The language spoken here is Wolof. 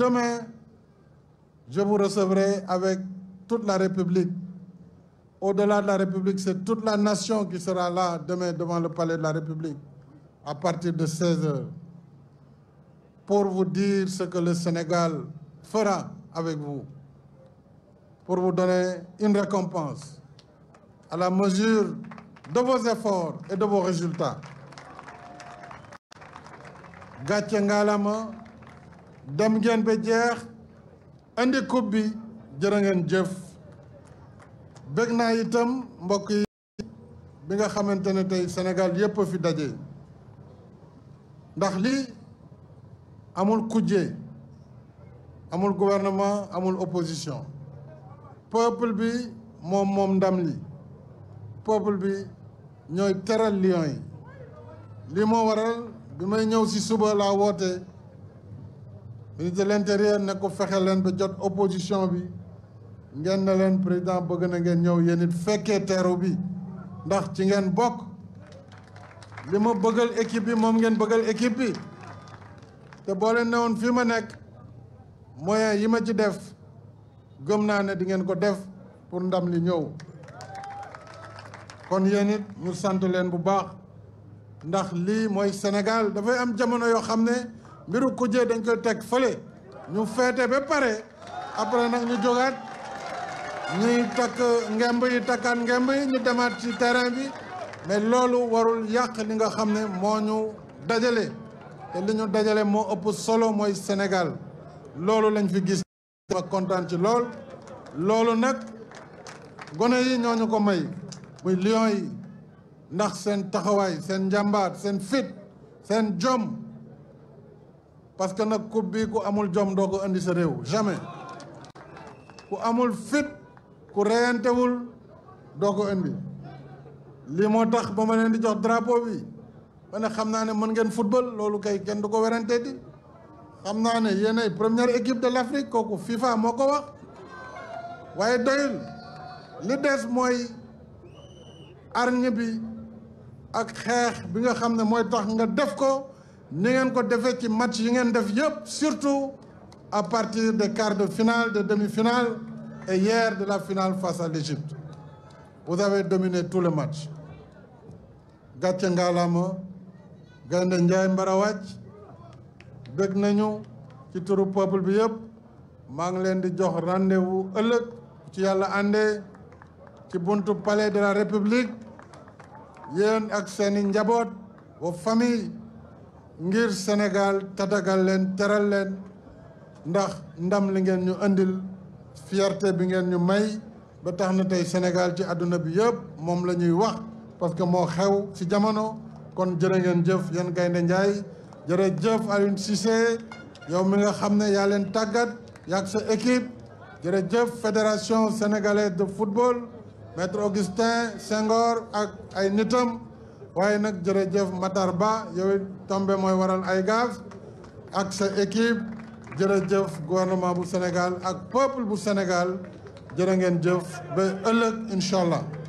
Demain, je vous recevrai avec toute la République. Au-delà de la République, c'est toute la nation qui sera là demain devant le Palais de la République à partir de 16h pour vous dire ce que le Sénégal fera avec vous, pour vous donner une récompense à la mesure de vos efforts et de vos résultats dem ngeen ba jeex indi coupe bi jërë ngeen jëf itam mbokk yi bi nga xamantene tey Sénégal yépp fi daje ndax li amul kujje amul gouvernement amul opposition peuple bi moom moom ndam li peuple bi ñooy teral lion yi li moo waral bi may ñëw ci suba laa woote ministre de l'intérieur ne ko fexe leen ba jot opposition bi ngeen na leen président bëgg na ngeen ñëw yéen it fekkee teeru bi ndax ci ngeen bokk li ma bëggal équipe bi moom ngeen bëggal équipe bi te boo leen newoon fii ma nekk moyen yi ma ci def gëm naa ne di ngeen ko def pour ndam li ñëw kon yéen ñu sant leen bu baax ndax lii mooy Sénégal dafay am jamono yoo xam ne mbiru kujje dañ koy teg fële ñu feete ba pare après nag ñu jógaat ñuy takk ngemb yi takkaat ngemb yi ñu demaat ci terrain bi mais loolu warul yàq li nga xam ne moo ñu dajale te li dajale moo ëpp solo mooy Sénégal loolu lañ fi gis ma kontaan ci lool loolu nag gone yi ñooñu ko may muy lion yi ndax seen taxawaay seen njàmbaar seen fit seen jom parce que nag coupe bi ku amul jom dogo andi indi sa réew jamais ku amul fit ku reyantewul doo ko indi lii moo tax ba ma di jox drapeau bi ma ne xam naa ne football loolu kay kenn du ko di xam naa ne première équipe de l'Afrique kooku FIFA moko ko wax waaye doyul li des moy arñe bi ak xex bi nga xam moy tax nga def ko nous avons ko des ci match yi surtout à partir des quarts de finale des demi finales et hier de la finale face à l'Égypte vous avez dominé tous les matchs gàcce ngaalaama gaynde mbarawach. mbarawàcc bëgg nañu ci turu peuple bi yëpp maa ngi rendez-vous ci ci palais de la république Yen ak seeni vos familles. famille ngir Senegal tatagal len teral len, ndax ndam li ngeen ñu andil fierté bi ngeen ñu may ba Senegal na tey ci àdduna bi yëpp moom la ñuy wax parce que moo xew ci jamono kon jërë ngeen jëf yéen Gaynde Njaay jërëjëf Aliou Cissé yow mi nga xam ne yaa leen tàggat yaag sa équipe jërëjëf fédération sénégalaise de football maître Augustin Senghor ak ay nitam waaye nag jërëjëf Matar Ba yow tombe mooy waral ay gaaf ak sa équipe jërëjëf gouvernement bu Sénégal ak peuple bu Sénégal jërë ngeen jëf ba ëllëg incha allah